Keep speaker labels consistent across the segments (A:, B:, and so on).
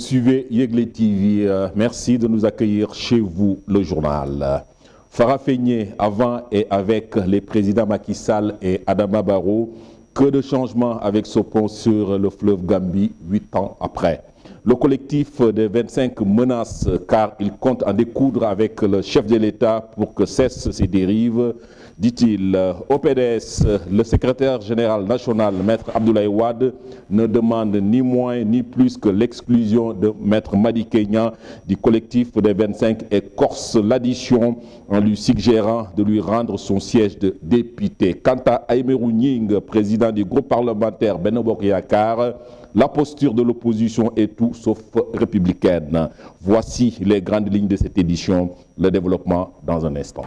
A: suivez Yeglet TV. Euh, merci de nous accueillir chez vous, le journal. Farah Feigné, avant et avec les présidents Macky Sall et Adama Barrow, que de changements avec ce pont sur le fleuve Gambie, huit ans après. Le collectif des 25 menaces, car il compte en découdre avec le chef de l'État pour que cessent ces dérives dit-il. Au euh, PDS, euh, le secrétaire général national, Maître Abdoulaye Wade, ne demande ni moins ni plus que l'exclusion de Maître Madi Kenyan du collectif des 25 et corse l'addition en lui suggérant de lui rendre son siège de député. Quant à Aïmerou président du groupe parlementaire Benobo la posture de l'opposition est tout sauf républicaine. Voici les grandes lignes de cette édition. Le développement dans un instant.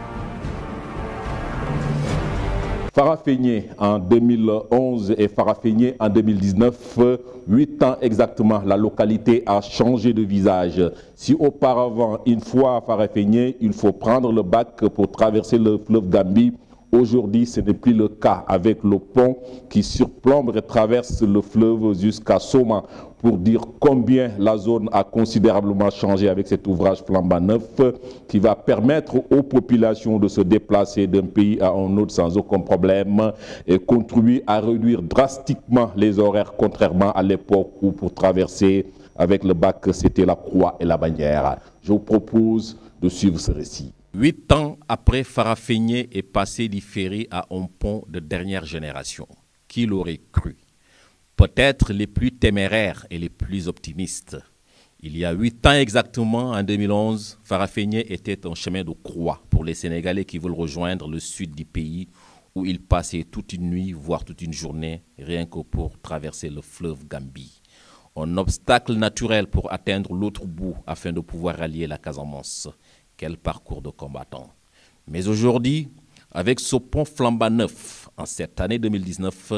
A: Farafeigné en 2011 et Farafeigné en 2019. Huit ans exactement, la localité a changé de visage. Si auparavant, une fois à Farafeigné, il faut prendre le bac pour traverser le fleuve Gambie, Aujourd'hui, ce n'est plus le cas avec le pont qui surplombe et traverse le fleuve jusqu'à Soma pour dire combien la zone a considérablement changé avec cet ouvrage flambant neuf qui va permettre aux populations de se déplacer d'un pays à un autre sans aucun problème et contribuer à réduire drastiquement les horaires contrairement à l'époque où pour traverser avec le bac c'était la croix et la bannière. Je vous propose de suivre ce récit. Huit ans après, Farah est passé différé à un pont de dernière génération. Qui l'aurait cru Peut-être les plus téméraires et les plus optimistes. Il y a huit ans exactement, en 2011, Farah était un chemin de croix pour les Sénégalais qui veulent rejoindre le sud du pays où ils passaient toute une nuit, voire toute une journée, rien que pour traverser le fleuve Gambie. Un obstacle naturel pour atteindre l'autre bout afin de pouvoir rallier la Casamance. Quel parcours de combattant. Mais aujourd'hui, avec ce pont flambant neuf, en cette année 2019,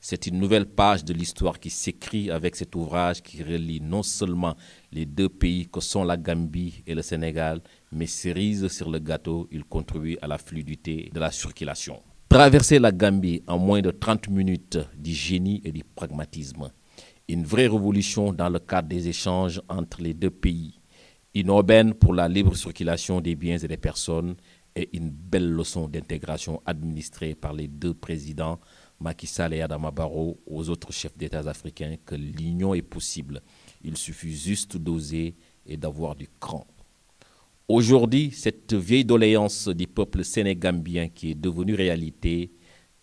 A: c'est une nouvelle page de l'histoire qui s'écrit avec cet ouvrage qui relie non seulement les deux pays que sont la Gambie et le Sénégal, mais cerise sur le gâteau, il contribue à la fluidité de la circulation. Traverser la Gambie en moins de 30 minutes du génie et du pragmatisme. Une vraie révolution dans le cadre des échanges entre les deux pays une aubaine pour la libre circulation des biens et des personnes et une belle leçon d'intégration administrée par les deux présidents Macky Sall et Adama Barrow aux autres chefs d'État africains que l'union est possible. Il suffit juste d'oser et d'avoir du cran. Aujourd'hui, cette vieille doléance du peuple sénégambien qui est devenue réalité,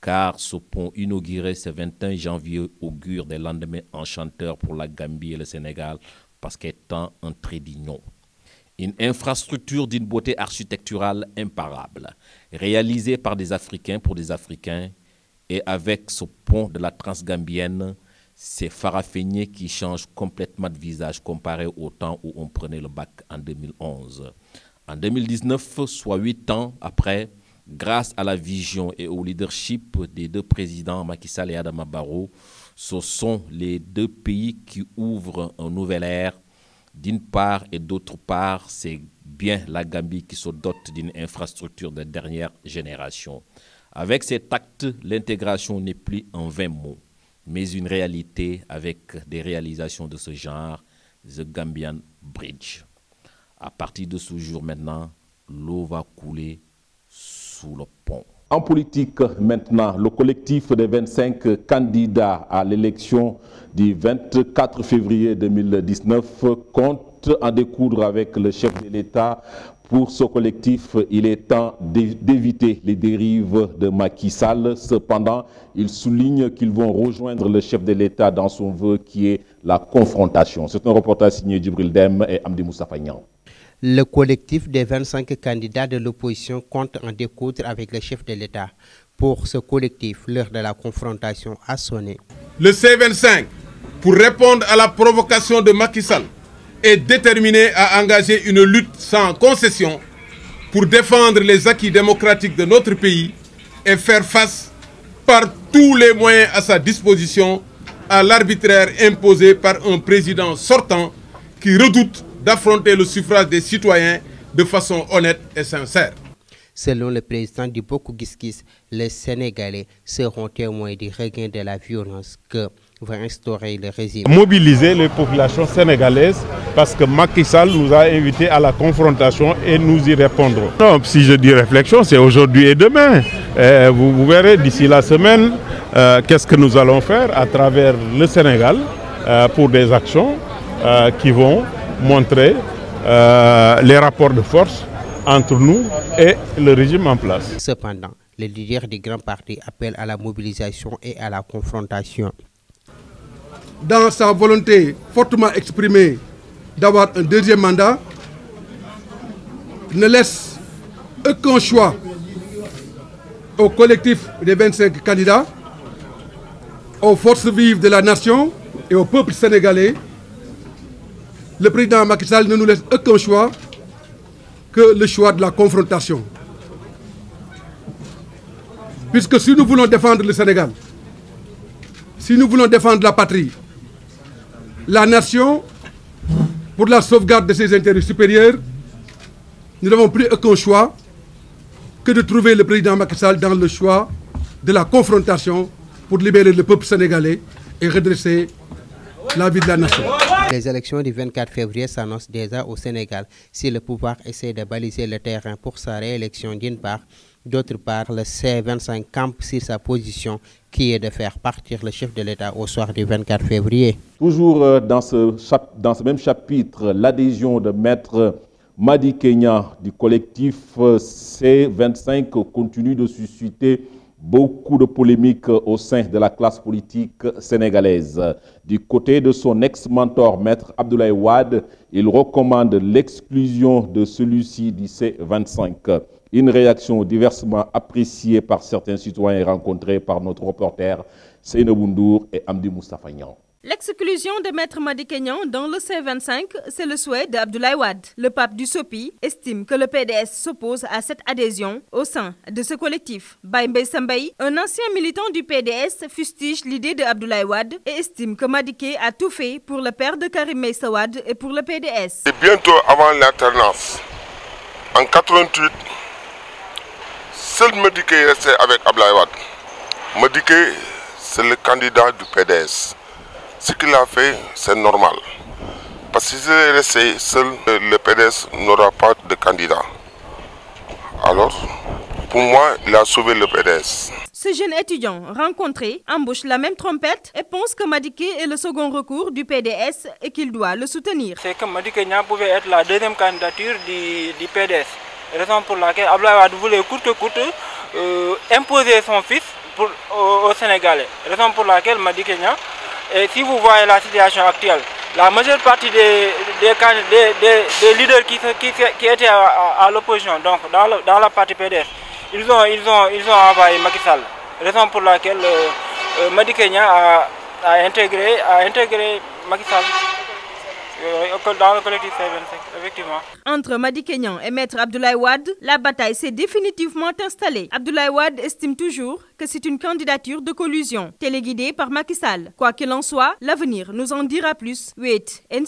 A: car ce pont inauguré ce 21 janvier augure des lendemains enchanteurs pour la Gambie et le Sénégal, parce qu'étant un trait d'union. Une infrastructure d'une beauté architecturale imparable, réalisée par des Africains pour des Africains, et avec ce pont de la Transgambienne, c'est Farafenier qui change complètement de visage comparé au temps où on prenait le bac en 2011. En 2019, soit huit ans après, grâce à la vision et au leadership des deux présidents Macky Sall et Adama Barrow, ce sont les deux pays qui ouvrent un nouvel ère d'une part et d'autre part, c'est bien la Gambie qui se dote d'une infrastructure de dernière génération. Avec cet acte, l'intégration n'est plus en vain mot, mais une réalité avec des réalisations de ce genre, The Gambian Bridge. À partir de ce jour maintenant, l'eau va couler sous le pont. En politique, maintenant, le collectif des 25 candidats à l'élection du 24 février 2019 compte en découdre avec le chef de l'État. Pour ce collectif, il est temps d'éviter les dérives de Macky Sall. Cependant, il souligne qu'ils vont rejoindre le chef de l'État dans son vœu qui est la confrontation. C'est un reportage signé Djibril Dem et Amdi Fagnan.
B: Le collectif des 25 candidats de l'opposition compte en découdre avec le chef de l'État. Pour ce collectif, l'heure de la confrontation a sonné. Le C25, pour répondre à la provocation de Macky Sall, est déterminé à engager une lutte
C: sans concession pour défendre les acquis démocratiques de notre pays et faire face par tous les moyens à sa disposition à l'arbitraire
B: imposé par un président sortant qui redoute d'affronter le suffrage des citoyens de façon honnête et sincère. Selon le président du Boko les Sénégalais seront témoins du regain de la violence que va instaurer le régime. Mobiliser
C: les populations sénégalaises parce que Macky Sall nous a invités à la confrontation et nous y répondrons. Non, si je dis réflexion, c'est aujourd'hui et demain. Eh, vous, verrez d'ici la semaine euh, qu'est-ce que nous allons faire à travers le Sénégal euh, pour des actions euh, qui vont montrer euh, les rapports de force
B: entre nous et le régime en place. Cependant, les leaders des grands partis appellent à la mobilisation et à la confrontation. Dans sa volonté fortement exprimée d'avoir un deuxième mandat,
A: ne laisse aucun choix au collectif des 25 candidats, aux forces vives de la nation et au peuple sénégalais le président Macky Sall ne nous laisse aucun choix que le choix de la confrontation. Puisque si nous voulons défendre le Sénégal, si nous voulons défendre la patrie, la nation, pour la sauvegarde de ses intérêts supérieurs, nous n'avons plus aucun choix que de trouver le président Macky Sall dans le choix de la confrontation pour libérer le peuple sénégalais et redresser
B: la vie de la nation. Les élections du 24 février s'annoncent déjà au Sénégal. Si le pouvoir essaie de baliser le terrain pour sa réélection d'une part, d'autre part, le C25 campe sur sa position qui est de faire partir le chef de l'État au soir du 24 février.
A: Toujours euh, dans ce, dans ce même chapitre, l'adhésion de maître Madi Kenya du collectif euh, C25 continue de susciter beaucoup de polémiques au sein de la classe politique sénégalaise. Du côté de son ex-mentor, maître Abdoulaye Ouad, il recommande l'exclusion de celui-ci du C25. Une réaction diversement appréciée par certains citoyens rencontrés par notre reporter Boundour et Amdi Nyan.
D: L'exclusion de Maître Nyan dans le C25, c'est le souhait d'Abdoulaye Wad. Le pape du SOPI estime que le PDS s'oppose à cette adhésion au sein de ce collectif. Baimbe Sambaï, un ancien militant du PDS, fustige l'idée d'Abdoulaye et estime que Madiké a tout fait pour le père de Karim Sawad et pour le PDS.
C: C'est bientôt avant l'alternance. En 88, seul Madiké restait avec Abdoulaye Wad. Madiké, c'est le candidat du PDS. Ce qu'il a fait, c'est normal. Parce que s'il est resté seul, le PDS n'aura pas de candidat. Alors, pour moi, il a sauvé le PDS.
D: Ce jeune étudiant rencontré embauche la même trompette et pense que Madike est le second recours du PDS et qu'il doit le soutenir. C'est que
E: Madike Nia pouvait être la deuxième candidature du, PDS. Raison pour laquelle a voulait coûte euh, imposer son fils pour, au Sénégalais. Raison pour laquelle Madike Nia et si vous voyez la situation actuelle, la majeure partie des, leaders qui, étaient à, l'opposition, donc dans, la partie PDF, ils ont, ils ont, ils envahi Macky Raison pour laquelle euh, euh Kenya a, intégré, a
D: entre Madi Kenyan et Maître Abdoulaye Ouad, la bataille s'est définitivement installée. Abdoulaye Wad estime toujours que c'est une candidature de collusion, téléguidée par Macky Sall. Quoi qu'il en soit, l'avenir nous en dira plus. Wait and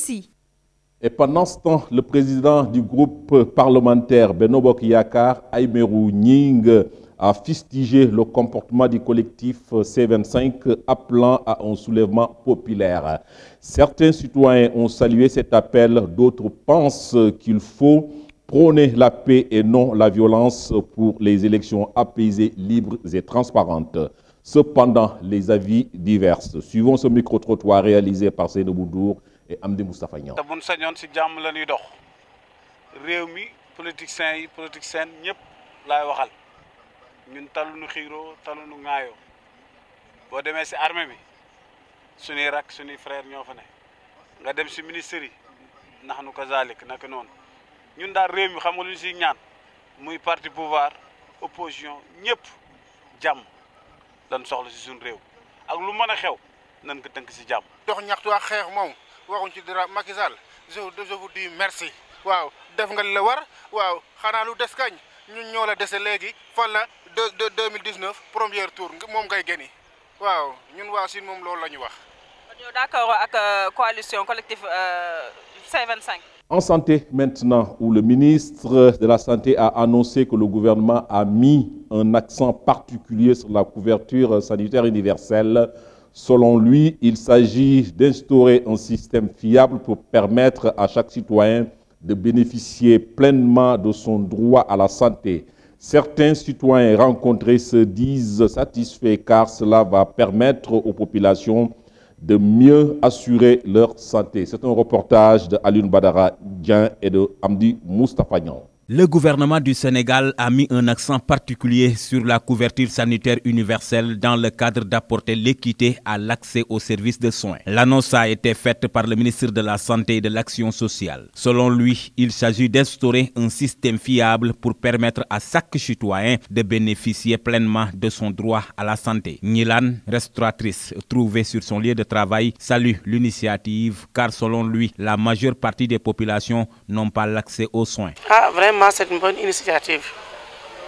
A: Et pendant ce temps, le président du groupe parlementaire Benobok Yakar, Aimeru Nying, a fustigé le comportement du collectif C25 appelant à un soulèvement populaire. Certains citoyens ont salué cet appel, d'autres pensent qu'il faut prôner la paix et non la violence pour les élections apaisées, libres et transparentes. Cependant, les avis diverses Suivons ce micro-trottoir réalisé par Seydou Boudour et Amdi Moustapha
E: ñun talunu xiiroo talunu ŋaayoo boo demee si armée bi sunuy rak sunuy frère ñoo fa ne nga dem si ministère yi ndax nu ko zalik naka noonu ñun daal réew mi xam nga lu ñu ñaan muy parti pouvoir opposition ñëpp jàmm lan soxla si suñu réew ak lu mën a xew nan ko tënk si jàmm. dox ñaxtu ak
C: xeex moom waxuñ ci dara
E: Macky Sall je vous dis waaw def nga li la war
C: waaw xanaa lu des kañ ñun ñoo dese léegi fan de 2019
D: premier tour waaw d'accord euh, coalition euh,
A: En santé maintenant, où le ministre de la Santé a annoncé que le gouvernement a mis un accent particulier sur la couverture sanitaire universelle. Selon lui, il s'agit d'instaurer un système fiable pour permettre à chaque citoyen de bénéficier pleinement de son droit à la santé. Certains citoyens rencontrés se disent satisfaits car cela va permettre aux populations de mieux assurer leur santé. C'est un reportage de Badara Dien et de Amdi Moustapagnan.
E: Le gouvernement du Sénégal a mis un accent particulier sur la couverture sanitaire universelle dans le cadre d'apporter l'équité à l'accès aux services de soins. L'annonce a été faite par le ministre de la Santé et de l'Action sociale. Selon lui, il s'agit d'instaurer un système fiable pour permettre à chaque citoyen de bénéficier pleinement de son droit à la santé. Nilan, restauratrice trouvée sur son lieu de travail, salue l'initiative car selon lui, la majeure partie des populations n'ont pas l'accès aux soins.
C: Ah, vraiment c'est une bonne initiative.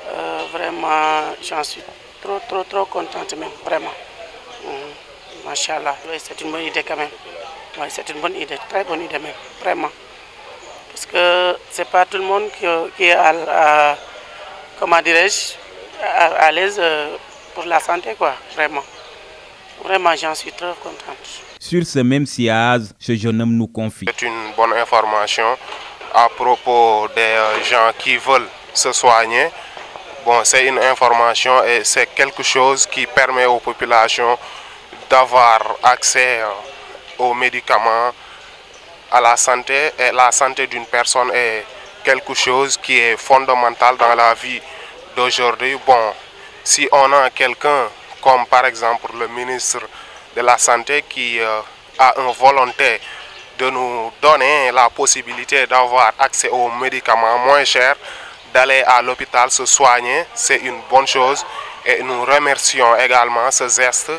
C: Euh, vraiment, j'en suis trop, trop, trop contente même, vraiment. Mm, oui, c'est une bonne idée quand même.
B: c'est une bonne idée, très bonne idée même, vraiment. Parce que c'est pas tout le monde qui, est à, comment dirais-je, à, l'aise euh, pour la santé, quoi, vraiment. Vraiment, j'en suis trop contente.
E: Sur ce même sias, ce jeune homme nous confie.
C: C'est une bonne information à propos des euh, gens qui veulent se soigner. Bon, c'est une information et c'est quelque chose qui permet aux populations d'avoir accès euh, aux médicaments, à la santé. Et la santé d'une personne est quelque chose qui est fondamental dans la vie d'aujourd'hui. Bon, si on a quelqu'un comme par exemple le ministre de la Santé qui euh, a un volontaire de nous donner la possibilité d'avoir accès aux médicaments moins chers, d'aller à l'hôpital se soigner, c'est une bonne chose. Et nous remercions également ce geste.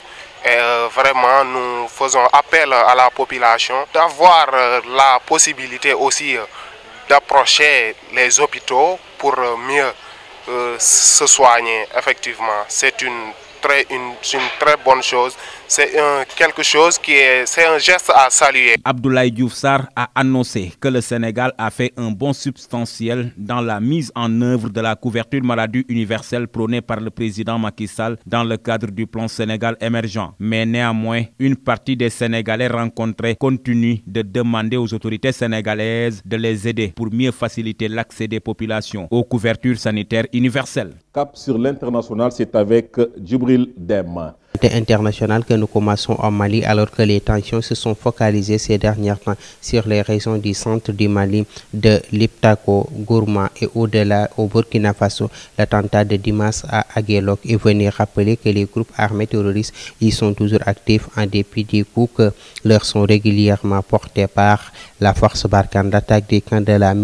C: Et euh, vraiment, nous faisons appel à la population d'avoir euh, la possibilité aussi euh, d'approcher les hôpitaux pour mieux se soigner. Effectivement, c'est une très, une, une très bonne chose c'est quelque chose qui est, c'est un geste à
E: saluer. Abdoulaye Diouf a annoncé que le Sénégal a fait un bond substantiel dans la mise en œuvre de la couverture maladie universelle prônée par le président Macky Sall dans le cadre du plan Sénégal émergent. Mais néanmoins, une partie des Sénégalais rencontrés continue de demander aux autorités sénégalaises de les aider pour mieux faciliter l'accès des populations aux couvertures sanitaires universelles.
A: Cap sur l'international, c'est avec Djibril Dem
B: international que nous commençons au Mali alors que les tensions se sont focalisées ces derniers temps sur les régions du centre du Mali de Liptako, Gourma et au-delà au Burkina Faso. L'attentat de Dimas à Aguelok est venu rappeler que les groupes armés terroristes y sont toujours actifs en dépit des coups que leur sont régulièrement portés par la force Barkhane d'attaque des camps de la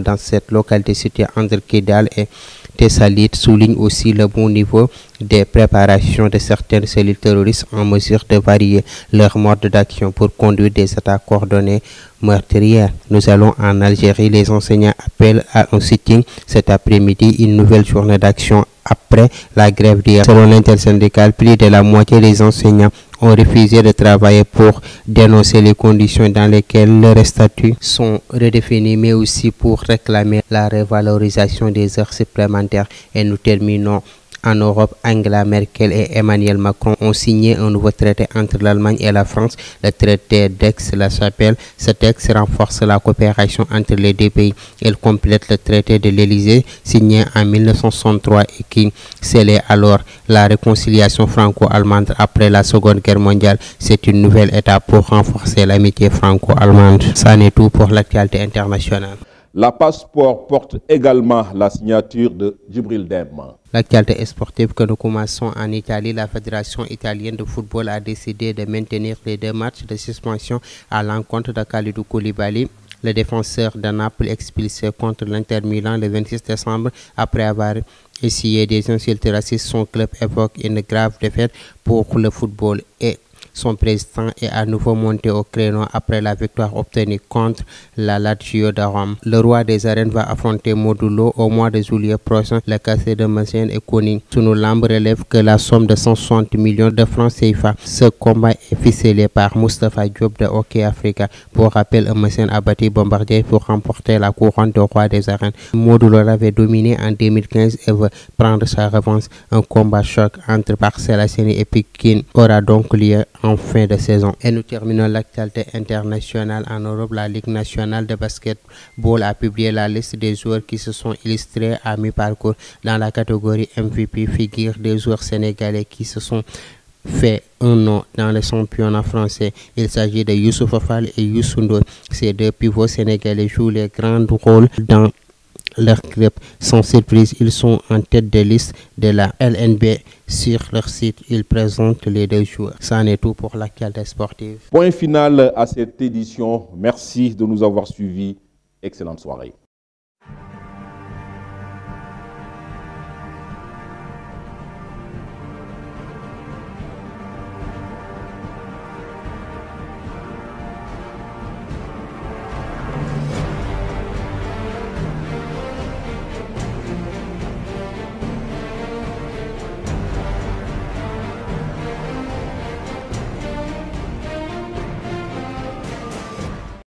B: dans cette localité située entre Kidal et Tessalit souligne aussi le bon niveau des préparations de certaines cellules terroristes en mesure de varier leur mode d'action pour conduire des attaques coordonnées meurtrières. Nous allons en Algérie. Les enseignants appellent à un sitting cet après-midi, une nouvelle journée d'action après la grève d'hier. Selon l'intersyndicale, plus de la moitié des enseignants ont refusé de travailler pour dénoncer les conditions dans lesquelles leurs statuts sont redéfinis, mais aussi pour réclamer la revalorisation des heures supplémentaires. Et nous terminons en Europe, Angela Merkel et Emmanuel Macron ont signé un nouveau traité entre l'Allemagne et la France, le traité d'Aix-la Chapelle. Ce texte renforce la coopération entre les deux pays. Il complète le traité de l'Elysée signé en 1963 et qui scellait alors la réconciliation franco-allemande après la Seconde Guerre mondiale. C'est une nouvelle étape pour renforcer l'amitié franco-allemande. Ça n'est tout pour l'actualité internationale.
A: La passeport porte
B: également la signature de Djibril Demba. L'actualité sportive que nous commençons en Italie, la Fédération italienne de football a décidé de maintenir les deux matchs de suspension à l'encontre de Khalidou Koulibaly le défenseur de Naples expulsé contre l'Inter Milan le 26 décembre après avoir essayé des insultes racistes. Son club évoque une grave défaite pour le football et son président est à nouveau monté au créneau après la victoire obtenue contre la Lazio de Rome. Le roi des arènes va affronter Modulo au mois de juillet prochain. Le casse de Massène et connu. Sous relève que la somme de 160 millions de francs CFA. Ce combat est ficelé par Mustafa Diop de Hockey Africa. Pour rappel, Massène a battu Bombardier pour remporter la couronne de roi des arènes. Modulo l'avait dominé en 2015 et veut prendre sa revanche. Un combat choc entre Barcelone et Pékin aura donc lieu en fin de saison. Et nous terminons l'actualité internationale en Europe. La Ligue nationale de basket-ball a publié la liste des joueurs qui se sont illustrés à mi-parcours. Dans la catégorie MVP figure des joueurs sénégalais qui se sont fait un nom dans le championnat français. Il s'agit de Youssouf Afal et Youssou Ces deux pivots sénégalais jouent les grands rôles dans leur clip Sans surprise, ils sont en tête de liste de la LNB. Sur leur site, ils présentent les deux joueurs. Ça en est tout pour la qualité sportive.
A: Point final à cette édition. Merci de nous avoir suivis. Excellente soirée.